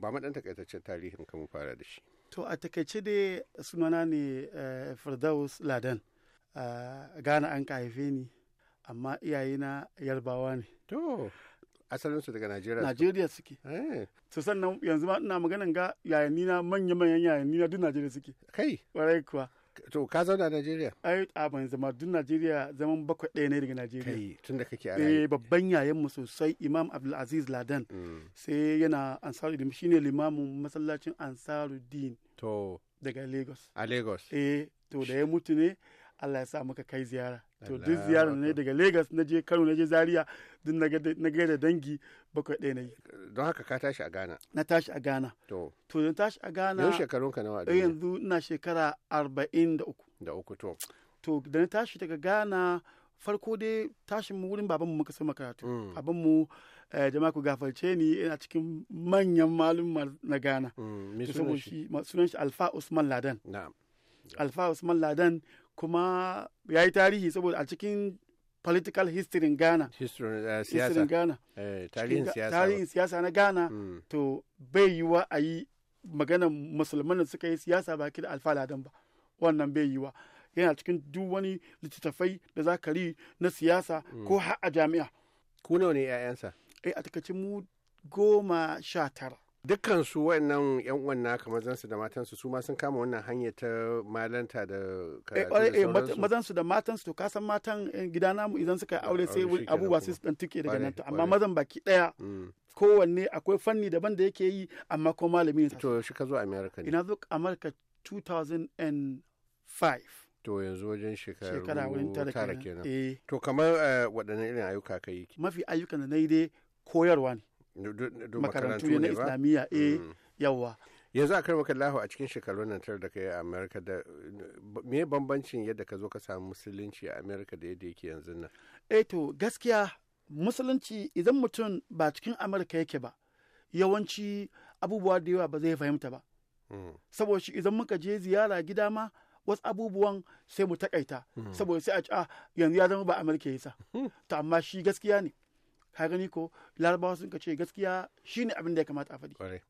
ba ma ɗan takaitaccen tarihin kamun fara da shi to a takaice dai sunana ne eh, firdaus ladan gana an ka haife ni amma iyayena yarbawa ne to asalin su daga Najeriya. Najeriya suke. Eh. To sannan yanzu ma ina maganan ga yayanina manya manyan yayanina duk Najeriya suke. Kai. Warai kuwa. to ka zauna a Najeriya? Ai a ban zama duk Najeriya zaman bakwai ɗaya ne daga Najeriya. Kai tun da kake a Eh babban yayan mu sosai Imam Abdulaziz Ladan. Mm. Sai yana Din, shine limamin masallacin Din. To daga Lagos. A Lagos. Eh to da ya mutu ne Allah ya sa muka kai ziyara to duk ziyarar ne daga Lagos na je Kano na je Zaria duk na ga da dangi bakwai ɗaya na yi don haka ka tashi a Ghana na tashi a Ghana to to don tashi a Ghana yau shekarun ka nawa eh, yanzu ina shekara arba'in da uku da uku to to da na tashi daga Ghana farko dai tashin mu wurin babanmu muka sama karatu mm. mu eh, jama'a ku gafarce ni ina cikin manyan malum na Ghana mm, sunan shi Alfa Usman Ladan Alfa Usman Ladan kuma ya yi tarihi saboda a cikin political history in Ghana. History eh, in siyasa. Ghana. Eh, tarihin siyasa. Tarihin siyasa na Ghana. Hmm. To bai wa a yi magana musulman da suka yi siyasa ba da alfala dan ba. Wannan bai yi wa. Yana cikin duk wani littattafai da za ka na siyasa hmm. ko har a jami'a. Ku nawa ne 'ya'yansa? Eh a takaice mu goma sha tara. dukkan su wannan yan uwan naka su da matansu su ma sun kama wannan hanya ta malanta da eh, karatu su da eh, matan su to kasan matan gida namu idan suka yi aure ah, sai abubuwa sai su dan tike daga nan amma mazan baki daya mm. kowanne akwai fanni daban da yake yi amma ko malami to shi ka zo america ne ina zo america 2005 to yanzu wajen shekara wurin tara kenan eh. to kamar waɗannan irin ayyuka kai mafi ayyukan da na yi dai koyarwa ne makarantu na islamiyya eh mm. yawa yanzu a karmaka lahu a cikin shekaru nan tar da kai a amerika da me bambancin yadda ka zo ka samu musulunci a amerika da yadda yake yanzu nan eh to gaskiya musulunci idan mutum ba cikin amurka yake ba yawanci abubuwa da yawa ba zai fahimta ba mm. saboda shi idan muka je ziyara gida ma wasu abubuwan sai mu takaita mm. saboda sai a ah, yanzu ya zama ba amurka yasa hmm. to amma shi gaskiya ne ka gani ko larabawa sun ka ce gaskiya shine abin da ya kamata a faɗi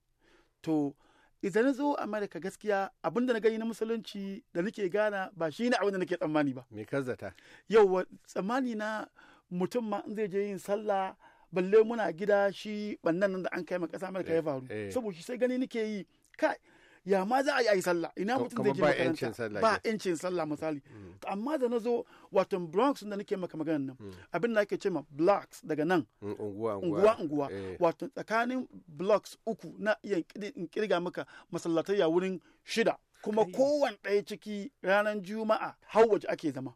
to idan na zo amerika gaskiya abin da na gani na musulunci da nake gana ba shine abin da nake tsammani ba me kazzata yau tsammani na mutum ma in zai je yin sallah balle muna gida shi bannan nan da an kai ma ƙasa amerika ya eh, faru eh. saboda shi sai gani nake yi kai ya ma za a yi a yi sallah ina mutum zai je makaranta ba yancin sallah misali mm. amma da na zo wato bronx da nake maka maganan nan mm. abin da ake ce ma blocks daga nan mm, unguwa unguwa eh. wato tsakanin blocks uku na iya kirga maka masallatai ya wurin shida kuma kowanne ɗaya ciki ranar juma'a hawwaje ake zama